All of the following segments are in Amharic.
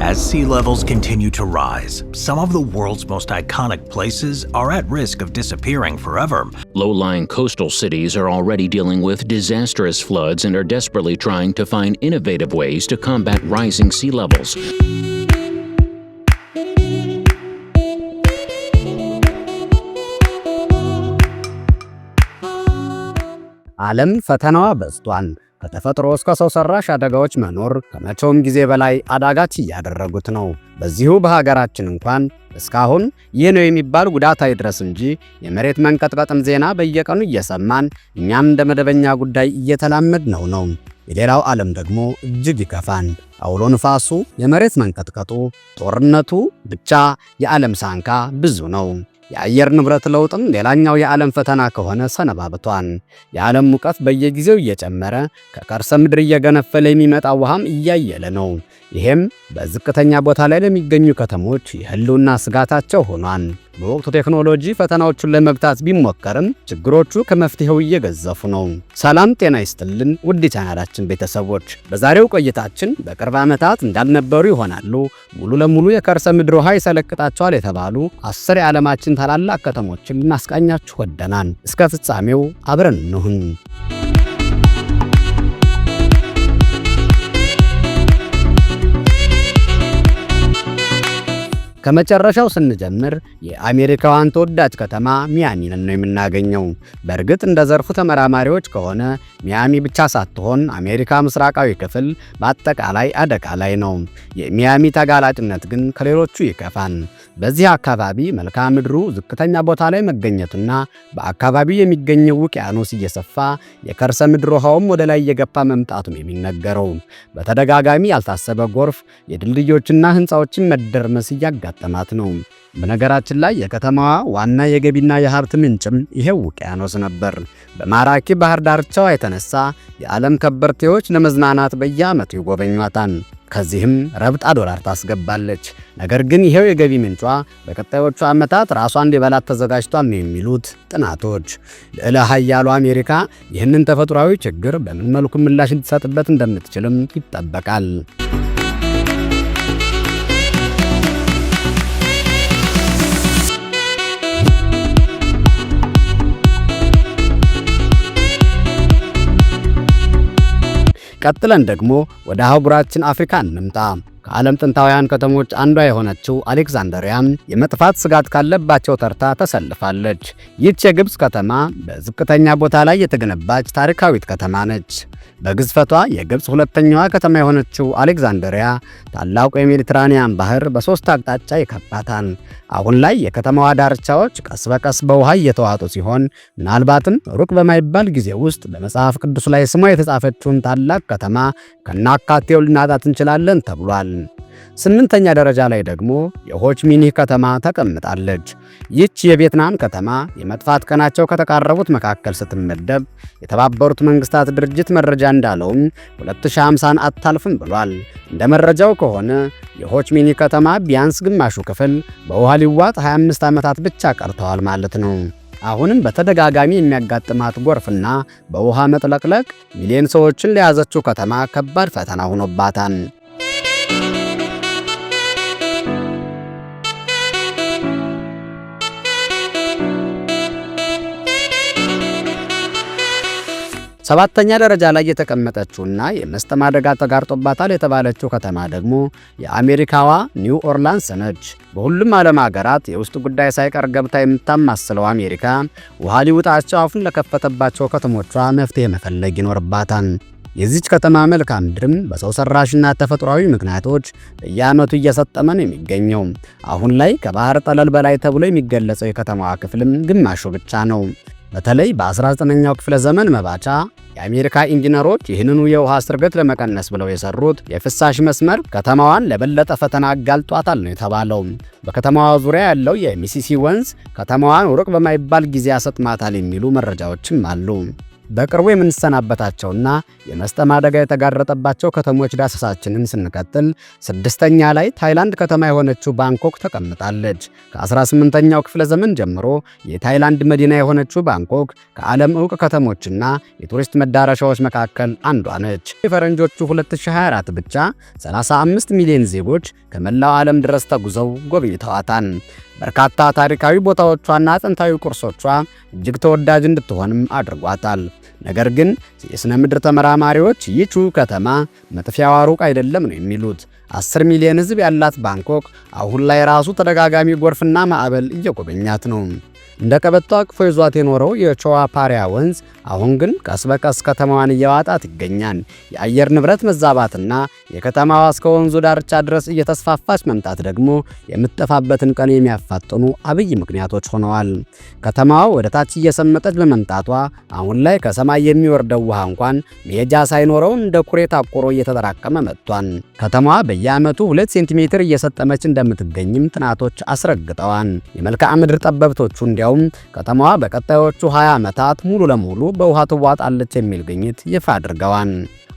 As sea levels continue to rise, some of the world's most iconic places are at risk of disappearing forever. Low lying coastal cities are already dealing with disastrous floods and are desperately trying to find innovative ways to combat rising sea levels. ዓለም ፈተናዋ በዝቷል። ከተፈጥሮ እስከ ሰው ሰራሽ አደጋዎች መኖር ከመቼውም ጊዜ በላይ አዳጋች እያደረጉት ነው። በዚሁ በሀገራችን እንኳን እስካሁን ይህ ነው የሚባል ጉዳት አይድረስ እንጂ የመሬት መንቀጥቀጥም ዜና በየቀኑ እየሰማን እኛም እንደ መደበኛ ጉዳይ እየተላመድ ነው ነው የሌላው ዓለም ደግሞ እጅግ ይከፋን። አውሎ ንፋሱ፣ የመሬት መንቀጥቀጡ፣ ጦርነቱ ብቻ የዓለም ሳንካ ብዙ ነው። የአየር ንብረት ለውጥም ሌላኛው የዓለም ፈተና ከሆነ ሰነባብቷል። የዓለም ሙቀት በየጊዜው እየጨመረ ከከርሰ ምድር እየገነፈለ የሚመጣ ውሃም እያየለ ነው። ይህም በዝቅተኛ ቦታ ላይ ለሚገኙ ከተሞች የህልውና ስጋታቸው ሆኗል። በወቅቱ ቴክኖሎጂ ፈተናዎቹን ለመግታት ቢሞከርም ችግሮቹ ከመፍትሄው እየገዘፉ ነው። ሰላም ጤና ይስጥልን ውድ ቻናላችን ቤተሰቦች፣ በዛሬው ቆይታችን በቅርብ ዓመታት እንዳልነበሩ ይሆናሉ ሙሉ ለሙሉ የከርሰ ምድር ውሃ ይሰለቅጣቸዋል የተባሉ አስር የዓለማችን ታላላቅ ከተሞችን ልናስቃኛችሁ ወደናል። እስከ ፍጻሜው አብረን እንሁን። ከመጨረሻው ስንጀምር የአሜሪካዋን ተወዳጅ ከተማ ሚያሚን ነው የምናገኘው። በእርግጥ እንደ ዘርፉ ተመራማሪዎች ከሆነ ሚያሚ ብቻ ሳትሆን አሜሪካ ምስራቃዊ ክፍል በአጠቃላይ አደጋ ላይ ነው። የሚያሚ ተጋላጭነት ግን ከሌሎቹ ይከፋል። በዚህ አካባቢ መልክዓ ምድሩ ዝቅተኛ ቦታ ላይ መገኘቱና በአካባቢው የሚገኘው ውቅያኖስ እየሰፋ የከርሰ ምድር ውሃውም ወደ ላይ እየገፋ መምጣቱ ነው የሚነገረው። በተደጋጋሚ ያልታሰበ ጎርፍ፣ የድልድዮችና ሕንፃዎችን መደርመስ እያጋጠማት ነው። በነገራችን ላይ የከተማዋ ዋና የገቢና የሀብት ምንጭም ይሄው ውቅያኖስ ነበር። በማራኪ ባህር ዳርቻዋ የተነሳ የዓለም ከበርቴዎች ለመዝናናት በየዓመቱ ይጎበኟታል። ከዚህም ረብጣ ዶላር ታስገባለች። ነገር ግን ይሄው የገቢ ምንጯ በቀጣዮቹ ዓመታት ራሷን ሊበላት ተዘጋጅቷል ነው የሚሉት ጥናቶች። ልዕለ አሜሪካ ይህንን ተፈጥሯዊ ችግር በምን መልኩ ምላሽ እንዲሰጥበት እንደምትችልም ይጠበቃል። ቀጥለን ደግሞ ወደ አህጉራችን አፍሪካ እንምጣ። ከዓለም ጥንታውያን ከተሞች አንዷ የሆነችው አሌክዛንደሪያም የመጥፋት ስጋት ካለባቸው ተርታ ተሰልፋለች። ይህች የግብፅ ከተማ በዝቅተኛ ቦታ ላይ የተገነባች ታሪካዊት ከተማ ነች። በግዝፈቷ የግብፅ ሁለተኛዋ ከተማ የሆነችው አሌክዛንደሪያ ታላቁ የሜዲትራኒያን ባህር በሦስት አቅጣጫ ይከባታል። አሁን ላይ የከተማዋ ዳርቻዎች ቀስ በቀስ በውሃ እየተዋጡ ሲሆን ምናልባትም ሩቅ በማይባል ጊዜ ውስጥ በመጽሐፍ ቅዱስ ላይ ስሟ የተጻፈችውን ታላቅ ከተማ ከናካቴው ልናጣት እንችላለን ተብሏል። ስምንተኛ ደረጃ ላይ ደግሞ የሆችሚኒህ ከተማ ተቀምጣለች። ይህች የቪየትናም ከተማ የመጥፋት ቀናቸው ከተቃረቡት መካከል ስትመደብ የተባበሩት መንግስታት ድርጅት መረጃ እንዳለውም 2050ን አታልፍም ብሏል። እንደ መረጃው ከሆነ የሆችሚኒህ ከተማ ቢያንስ ግማሹ ክፍል በውሃ ሊዋጥ 25 ዓመታት ብቻ ቀርተዋል ማለት ነው። አሁንም በተደጋጋሚ የሚያጋጥማት ጎርፍና በውሃ መጥለቅለቅ ሚሊዮን ሰዎችን ለያዘችው ከተማ ከባድ ፈተና ሆኖባታል። ሰባተኛ ደረጃ ላይ የተቀመጠችውና የመስጠም አደጋ ተጋርጦባታል የተባለችው ከተማ ደግሞ የአሜሪካዋ ኒው ኦርላንስ ነች። በሁሉም ዓለም ሀገራት የውስጥ ጉዳይ ሳይቀር ገብታ የምታማስለው አሜሪካ ውሃ ሊውጣቸው አፉን ለከፈተባቸው ከተሞቿ መፍትሄ መፈለግ ይኖርባታል። የዚች ከተማ መልክዓ ምድርም በሰው ሰራሽና ተፈጥሯዊ ምክንያቶች በየዓመቱ እየሰጠመ ነው የሚገኘው። አሁን ላይ ከባህር ጠለል በላይ ተብሎ የሚገለጸው የከተማዋ ክፍልም ግማሹ ብቻ ነው። በተለይ በ19ኛው ክፍለ ዘመን መባቻ የአሜሪካ ኢንጂነሮች ይህንኑ የውሃ ስርገት ለመቀነስ ብለው የሰሩት የፍሳሽ መስመር ከተማዋን ለበለጠ ፈተና አጋልጧታል ነው የተባለው። በከተማዋ ዙሪያ ያለው የሚሲሲ ወንዝ ከተማዋን ሩቅ በማይባል ጊዜ አሰጥማታል የሚሉ መረጃዎችም አሉ። በቅርቡ የምንሰናበታቸውና የመስጠም አደጋ የተጋረጠባቸው ከተሞች ዳሰሳችንን ስንቀጥል ስድስተኛ ላይ ታይላንድ ከተማ የሆነችው ባንኮክ ተቀምጣለች። ከ18ኛው ክፍለ ዘመን ጀምሮ የታይላንድ መዲና የሆነችው ባንኮክ ከዓለም ዕውቅ ከተሞችና የቱሪስት መዳረሻዎች መካከል አንዷ ነች። የፈረንጆቹ 2024 ብቻ 35 ሚሊዮን ዜጎች ከመላው ዓለም ድረስ ተጉዘው ጎብኝተዋታል። በርካታ ታሪካዊ ቦታዎቿና ጥንታዊ ቅርሶቿ እጅግ ተወዳጅ እንድትሆንም አድርጓታል። ነገር ግን የሥነ ምድር ተመራማሪዎች ይቹ ከተማ መጥፊያዋ ሩቅ አይደለም ነው የሚሉት። 10 ሚሊዮን ሕዝብ ያላት ባንኮክ አሁን ላይ ራሱ ተደጋጋሚ ጎርፍና ማዕበል እየጎበኛት ነው። እንደ ቀበቶ አቅፎ ይዟት የኖረው የቾዋ ፓሪያ ወንዝ አሁን ግን ቀስ በቀስ ከተማዋን እየዋጣት ይገኛል። የአየር ንብረት መዛባትና የከተማዋ እስከ ወንዙ ዳርቻ ድረስ እየተስፋፋች መምጣት ደግሞ የምትጠፋበትን ቀን የሚያፋጥኑ አብይ ምክንያቶች ሆነዋል። ከተማዋ ወደ ታች እየሰመጠች በመምጣቷ አሁን ላይ ከሰማይ የሚወርደው ውሃ እንኳን መሄጃ ሳይኖረው እንደ ኩሬ ታቆሮ እየተጠራቀመ መጥቷል። ከተማዋ በየዓመቱ ሁለት ሴንቲሜትር እየሰጠመች እንደምትገኝም ጥናቶች አስረግጠዋል። የመልክዓ ምድር ጠበብቶቹ እንዲያ እንዲያውም ከተማዋ በቀጣዮቹ 20 ዓመታት ሙሉ ለሙሉ በውሃ ትዋጣለች የሚል ግኝት ይፋ አድርገዋል።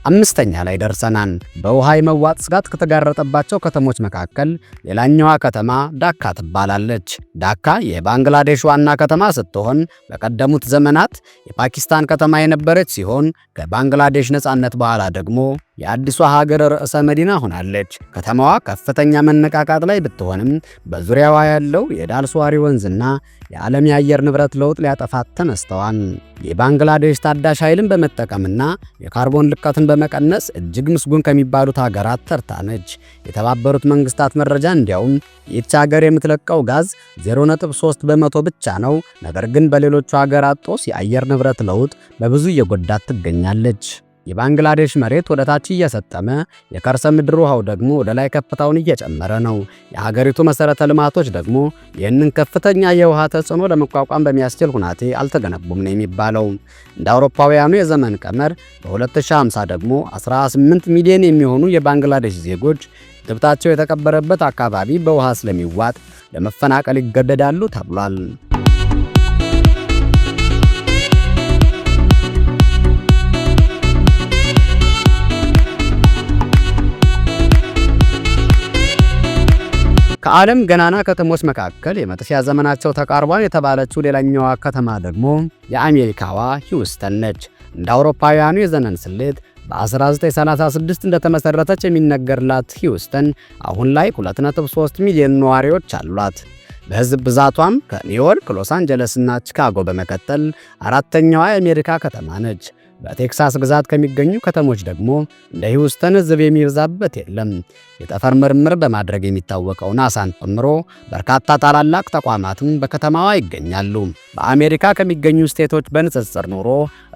አምስተኛ ላይ ደርሰናል። በውሃ የመዋጥ ስጋት ከተጋረጠባቸው ከተሞች መካከል ሌላኛዋ ከተማ ዳካ ትባላለች። ዳካ የባንግላዴሽ ዋና ከተማ ስትሆን በቀደሙት ዘመናት የፓኪስታን ከተማ የነበረች ሲሆን ከባንግላዴሽ ነጻነት በኋላ ደግሞ የአዲሷ ሀገር ርዕሰ መዲና ሆናለች። ከተማዋ ከፍተኛ መነቃቃት ላይ ብትሆንም በዙሪያዋ ያለው የዳልስዋሪ ወንዝና የዓለም የአየር ንብረት ለውጥ ሊያጠፋት ተነስተዋል። የባንግላዴሽ ታዳሽ ኃይልን በመጠቀምና የካርቦን ልቀትን በመቀነስ እጅግ ምስጉን ከሚባሉት ሀገራት ተርታነች። የተባበሩት መንግስታት መረጃ እንዲያውም ይህች ሀገር የምትለቀው ጋዝ 0.3 በመቶ ብቻ ነው። ነገር ግን በሌሎቹ ሀገራት ጦስ የአየር ንብረት ለውጥ በብዙ እየጎዳት ትገኛለች። የባንግላዴሽ መሬት ወደ ታች እየሰጠመ የከርሰ ምድር ውሃው ደግሞ ወደ ላይ ከፍታውን እየጨመረ ነው። የሀገሪቱ መሰረተ ልማቶች ደግሞ ይህንን ከፍተኛ የውሃ ተጽዕኖ ለመቋቋም በሚያስችል ሁናቴ አልተገነቡም ነው የሚባለው። እንደ አውሮፓውያኑ የዘመን ቀመር በ2050 ደግሞ 18 ሚሊዮን የሚሆኑ የባንግላዴሽ ዜጎች ግብታቸው የተቀበረበት አካባቢ በውሃ ስለሚዋጥ ለመፈናቀል ይገደዳሉ ተብሏል። ከዓለም ገናና ከተሞች መካከል የመጥፊያ ዘመናቸው ተቃርቧል የተባለችው ሌላኛዋ ከተማ ደግሞ የአሜሪካዋ ሂውስተን ነች። እንደ አውሮፓውያኑ የዘመን ስሌት በ1936 እንደተመሠረተች የሚነገርላት ሂውስተን አሁን ላይ 2.3 ሚሊዮን ነዋሪዎች አሏት። በሕዝብ ብዛቷም ከኒውዮርክ፣ ሎስ አንጀለስና ቺካጎ በመቀጠል አራተኛዋ የአሜሪካ ከተማ ነች። በቴክሳስ ግዛት ከሚገኙ ከተሞች ደግሞ እንደ ሂውስተን ሕዝብ የሚበዛበት የለም። የጠፈር ምርምር በማድረግ የሚታወቀው ናሳን ጨምሮ በርካታ ታላላቅ ተቋማትም በከተማዋ ይገኛሉ። በአሜሪካ ከሚገኙ ስቴቶች በንጽጽር ኑሮ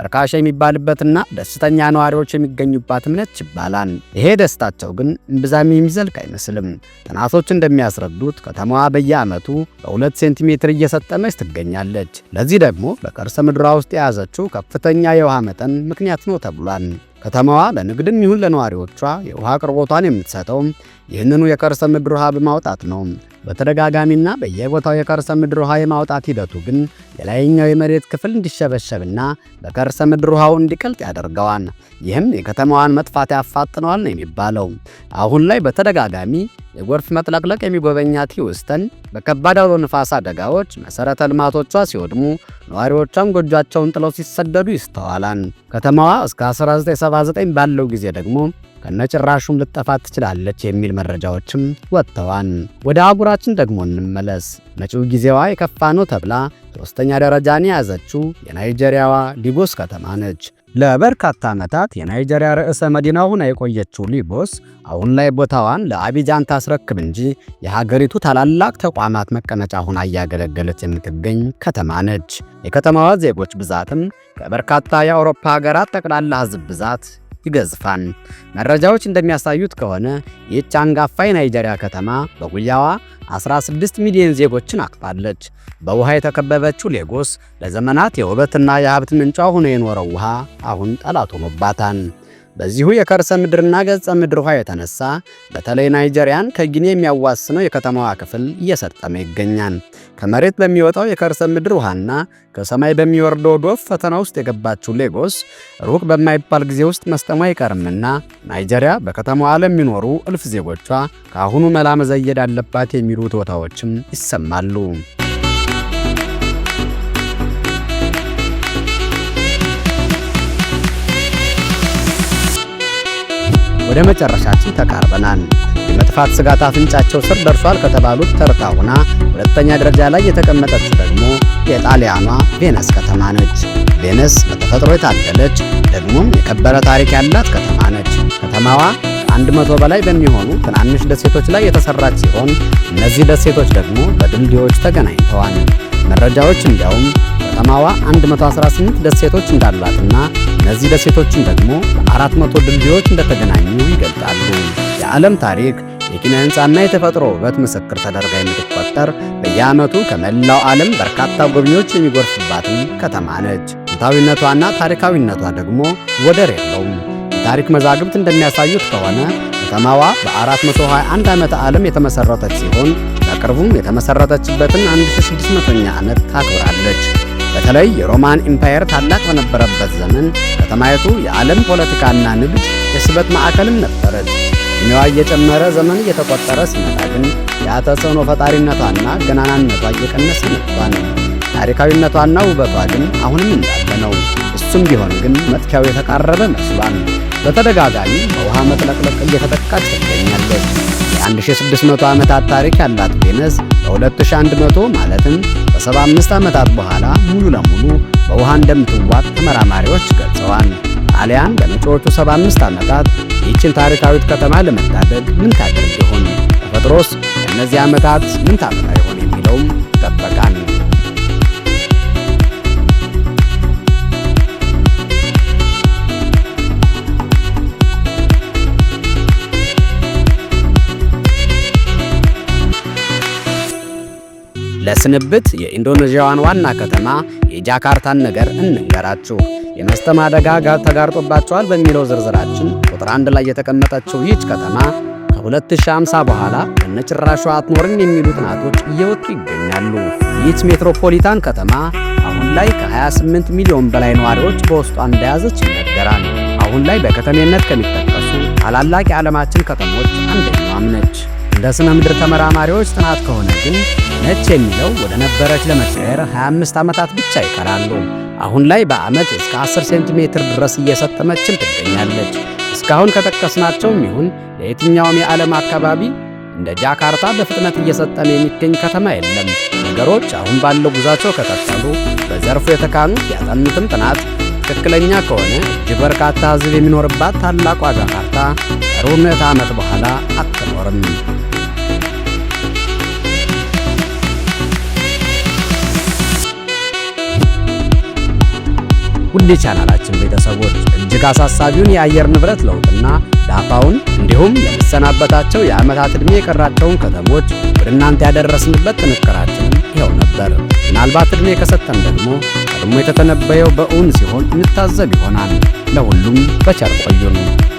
እርካሽ የሚባልበትና ደስተኛ ነዋሪዎች የሚገኙባትም ነች ይባላል። ይሄ ደስታቸው ግን እምብዛም የሚዘልቅ አይመስልም። ጥናቶች እንደሚያስረዱት ከተማዋ በየዓመቱ በሁለት ሴንቲሜትር እየሰጠመች ትገኛለች። ለዚህ ደግሞ በከርሰ ምድሯ ውስጥ የያዘችው ከፍተኛ የውሃ መጠን ምክንያት ነው ተብሏል። ከተማዋ ለንግድም ይሁን ለነዋሪዎቿ የውሃ አቅርቦቷን የምትሰጠው ይህንኑ የከርሰ ምድር ውሃ በማውጣት ነው። በተደጋጋሚና በየቦታው የከርሰ ምድር ውሃ የማውጣት ሂደቱ ግን የላይኛው የመሬት ክፍል እንዲሸበሸብና በከርሰ ምድር ውሃው እንዲቀልጥ ያደርገዋል። ይህም የከተማዋን መጥፋት ያፋጥነዋል ነው የሚባለው። አሁን ላይ በተደጋጋሚ የጎርፍ መጥለቅለቅ የሚጎበኛት ሂውስተን በከባድ አውሎ ንፋስ አደጋዎች መሠረተ ልማቶቿ ሲወድሙ፣ ነዋሪዎቿም ጎጇቸውን ጥለው ሲሰደዱ ይስተዋላል። ከተማዋ እስከ 1979 ባለው ጊዜ ደግሞ ከነጭራሹም ልጠፋ ትችላለች የሚል መረጃዎችም ወጥተዋል። ወደ አህጉራችን ደግሞ እንመለስ። መጪው ጊዜዋ የከፋ ነው ተብላ ሶስተኛ ደረጃን የያዘችው የናይጄሪያዋ ሊጎስ ከተማ ነች። ለበርካታ ዓመታት የናይጄሪያ ርዕሰ መዲና ሆና የቆየችው ሊጎስ አሁን ላይ ቦታዋን ለአቢጃን ታስረክብ እንጂ የሀገሪቱ ታላላቅ ተቋማት መቀመጫ ሆና እያገለገለች የምትገኝ ከተማ ነች። የከተማዋ ዜጎች ብዛትም ከበርካታ የአውሮፓ ሀገራት ጠቅላላ ሕዝብ ብዛት ይገዝፋል። መረጃዎች እንደሚያሳዩት ከሆነ ይህች አንጋፋ የናይጄሪያ ከተማ በጉያዋ 16 ሚሊዮን ዜጎችን አቅፋለች። በውሃ የተከበበችው ሌጎስ ለዘመናት የውበትና የሀብት ምንጫ ሆኖ የኖረው ውሃ አሁን ጠላት ሆኖባታል። በዚሁ የከርሰ ምድርና ገጸ ምድር ውሃ የተነሳ በተለይ ናይጄሪያን ከጊኒ የሚያዋስነው የከተማዋ ክፍል እየሰጠመ ይገኛል። ከመሬት በሚወጣው የከርሰ ምድር ውሃና ከሰማይ በሚወርደው ዶፍ ፈተና ውስጥ የገባችው ሌጎስ ሩቅ በማይባል ጊዜ ውስጥ መስጠሟ አይቀርምና ናይጄሪያ በከተማዋ ለሚኖሩ እልፍ ዜጎቿ ከአሁኑ መላ መዘየድ አለባት የሚሉ ቦታዎችም ይሰማሉ። ወደ መጨረሻችን ተቃርበናል። የመጥፋት ስጋት አፍንጫቸው ስር ደርሷል ከተባሉት ተርታ ሆና ሁለተኛ ደረጃ ላይ የተቀመጠችው ደግሞ የጣሊያኗ ቬነስ ከተማ ነች። ቬነስ በተፈጥሮ የታደለች ደግሞም የከበረ ታሪክ ያላት ከተማ ነች። ከተማዋ አንድ መቶ በላይ በሚሆኑ ትናንሽ ደሴቶች ላይ የተሰራች ሲሆን እነዚህ ደሴቶች ደግሞ በድልድዮች ተገናኝተዋል። መረጃዎች እንዲያውም ከተማዋ 118 ደሴቶች እንዳሏትና እነዚህ ደሴቶችን ደግሞ በአራት መቶ ድልድዮች እንደተገናኙ ይገልጣሉ። የዓለም ታሪክ የኪነ ሕንፃና የተፈጥሮ ውበት ምስክር ተደርጋ የምትቆጠር በየዓመቱ ከመላው ዓለም በርካታ ጎብኚዎች የሚጎርፍባትን ከተማ ነች። ጥንታዊነቷና ታሪካዊነቷ ደግሞ ወደር የለውም። የታሪክ መዛግብት እንደሚያሳዩት ከሆነ ከተማዋ በ421 ዓመተ ዓለም የተመሠረተች ሲሆን በቅርቡም የተመሠረተችበትን 1600ኛ ዓመት ታክብራለች። በተለይ የሮማን ኢምፓየር ታላቅ በነበረበት ዘመን ከተማይቱ የዓለም ፖለቲካና ንግድ የስበት ማዕከልም ነበረች። እድሜዋ እየጨመረ ዘመን እየተቆጠረ ሲመጣ ግን ያ ተጽዕኖ ፈጣሪነቷና ገናናነቷ እየቀነሰ መጥቷል። ታሪካዊነቷና ውበቷ ግን አሁንም እንዳለ ነው። እሱም ቢሆን ግን መጥኪያው የተቃረበ መስሏል። በተደጋጋሚ በውሃ መጥለቅለቅ እየተጠቃች ትገኛለች። የ1600 ዓመታት ታሪክ ያላት ቬነስ በ2100 ማለትም ከ75 ዓመታት በኋላ ሙሉ ለሙሉ በውሃ እንደምትዋጥ ተመራማሪዎች ገልጸዋል። ጣሊያን በመጪዎቹ 75 ዓመታት ይህችን ታሪካዊት ከተማ ለመታደግ ምን ታደርግ ይሆን? ተፈጥሮስ እነዚህ ዓመታት ምን ታመጣ ይሆን? ለስንብት የኢንዶኔዥያዋን ዋና ከተማ የጃካርታን ነገር እንንገራችሁ። አደጋ ጋር ተጋርጦባቸዋል በሚለው ዝርዝራችን ቁጥር አንድ ላይ የተቀመጠችው ይህች ከተማ ከ2050 በኋላ በነጭራሿ አትኖርም የሚሉ ጥናቶች እየወጡ ይገኛሉ። ይህች ሜትሮፖሊታን ከተማ አሁን ላይ ከ28 ሚሊዮን በላይ ነዋሪዎች በውስጧ እንደያዘች ይነገራል። አሁን ላይ በከተሜነት ከሚጠቀሱ ታላላቅ የዓለማችን ከተሞች አንደኛዋም ነች። እንደ ስነ ምድር ተመራማሪዎች ጥናት ከሆነ ግን ነጭ የሚለው ወደ ነበረች ለመቀየር 25 ዓመታት ብቻ ይቀራሉ። አሁን ላይ በዓመት እስከ 10 ሴንቲሜትር ድረስ እየሰጠመችም ትገኛለች። እስካሁን ከጠቀስናቸውም ይሁን ለየትኛውም የዓለም አካባቢ እንደ ጃካርታ በፍጥነት እየሰጠመ የሚገኝ ከተማ የለም። ነገሮች አሁን ባለው ጉዛቸው ከቀጠሉ በዘርፉ የተካኑት ያጠኑትም ጥናት ትክክለኛ ከሆነ እጅግ በርካታ ሕዝብ የሚኖርባት ታላቋ ጃካርታ ሩብ ምዕተ ዓመት በኋላ አትኖርም። ውድ የቻናላችን ቤተሰቦች እጅግ አሳሳቢውን የአየር ንብረት ለውጥና ዳፋውን እንዲሁም ለሚሰናበታቸው የዓመታት ዕድሜ የቀራቸውን ከተሞች ወደ እናንተ ያደረስንበት ጥንቅራችንም ይኸው ነበር። ምናልባት ዕድሜ ከሰጠን ደግሞ ቀድሞ የተተነበየው በእውን ሲሆን እንታዘብ ይሆናል። ለሁሉም በቸር ቆዩን።